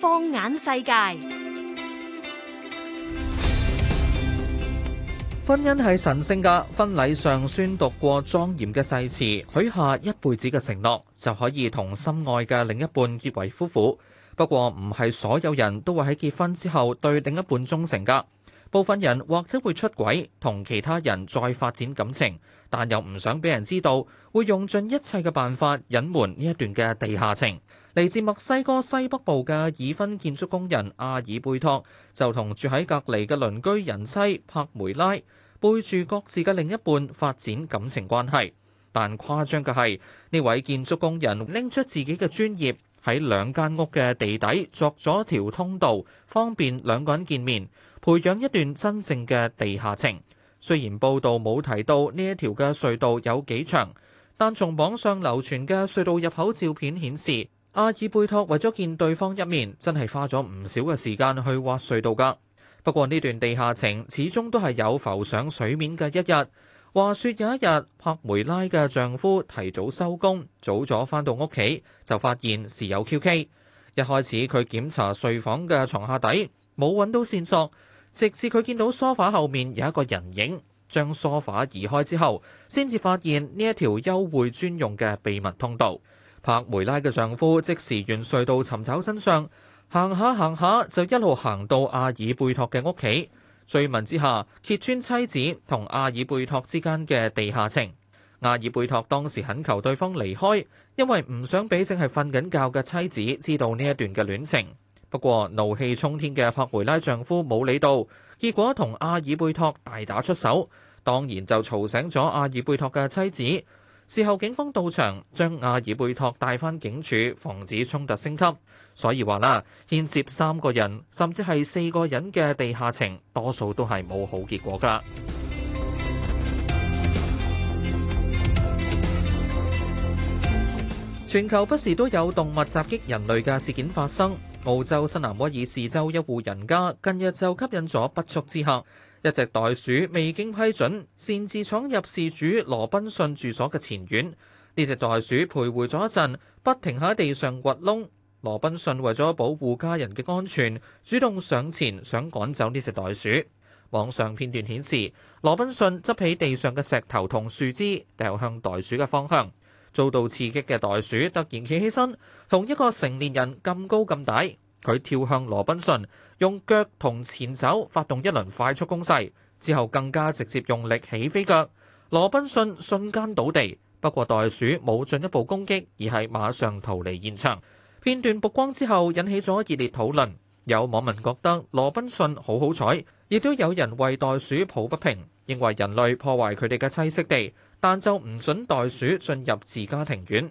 放眼世界，婚姻係神聖㗎。婚禮上宣讀過莊嚴嘅誓詞，許下一輩子嘅承諾，就可以同心愛嘅另一半結為夫婦。不過，唔係所有人都會喺結婚之後對另一半忠誠㗎。部分人或者會出軌，同其他人再發展感情，但又唔想俾人知道，會用盡一切嘅辦法隱瞞呢一段嘅地下情。嚟自墨西哥西北部嘅已婚建築工人阿爾貝托，就同住喺隔離嘅鄰居人妻帕梅拉，背住各自嘅另一半發展感情關係。但誇張嘅係，呢位建築工人拎出自己嘅專業。喺兩間屋嘅地底作咗條通道，方便兩個人見面，培養一段真正嘅地下情。雖然報道冇提到呢一條嘅隧道有幾長，但從網上流傳嘅隧道入口照片顯示，阿爾貝托為咗見對方一面，真係花咗唔少嘅時間去挖隧道㗎。不過呢段地下情始終都係有浮上水面嘅一日。話說有一日，帕梅拉嘅丈夫提早收工，早咗翻到屋企就發現事有蹊蹺。一開始佢檢查睡房嘅床下底，冇揾到線索，直至佢見到梳化後面有一個人影。將梳化移開之後，先至發現呢一條幽會專用嘅秘密通道。帕梅拉嘅丈夫即時沿隧道尋找身上，行下行下就一路行到阿爾貝托嘅屋企。追問之下，揭穿妻子同阿爾貝托之間嘅地下情。阿爾貝托當時懇求對方離開，因為唔想俾淨係瞓緊覺嘅妻子知道呢一段嘅戀情。不過怒氣沖天嘅帕梅拉丈夫冇理到，結果同阿爾貝托大打出手，當然就嘈醒咗阿爾貝托嘅妻子。事後警方到場，將阿爾貝托帶返警署，防止衝突升級。所以話啦，牽涉三個人甚至係四個人嘅地下情，多數都係冇好結果噶。全球不時都有動物襲擊人類嘅事件發生。澳洲新南威爾士州一戶人家近日就吸引咗不速之客。一隻袋鼠未經批准，擅自闖入事主羅賓遜住所嘅前院。呢隻袋鼠徘徊咗一陣，不停喺地上掘窿。羅賓遜為咗保護家人嘅安全，主動上前想趕走呢隻袋鼠。網上片段顯示，羅賓遜執起地上嘅石頭同樹枝，掉向袋鼠嘅方向。遭到刺激嘅袋鼠突然企起身，同一個成年人咁高咁大。佢跳向羅賓遜，用腳同前手發動一輪快速攻勢，之後更加直接用力起飛腳，羅賓遜瞬間倒地。不過袋鼠冇進一步攻擊，而係馬上逃離現場。片段曝光之後，引起咗熱烈討論。有網民覺得羅賓遜好好彩，亦都有人為袋鼠抱不平，認為人類破壞佢哋嘅棲息地，但就唔準袋鼠進入自家庭院。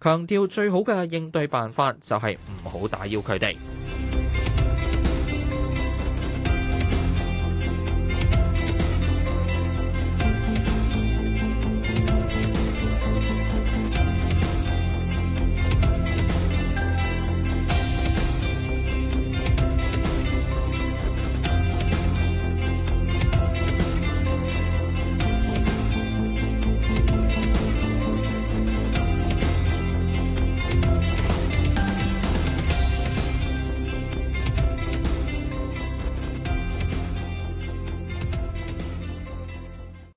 強調最好嘅應對辦法就係唔好打擾佢哋。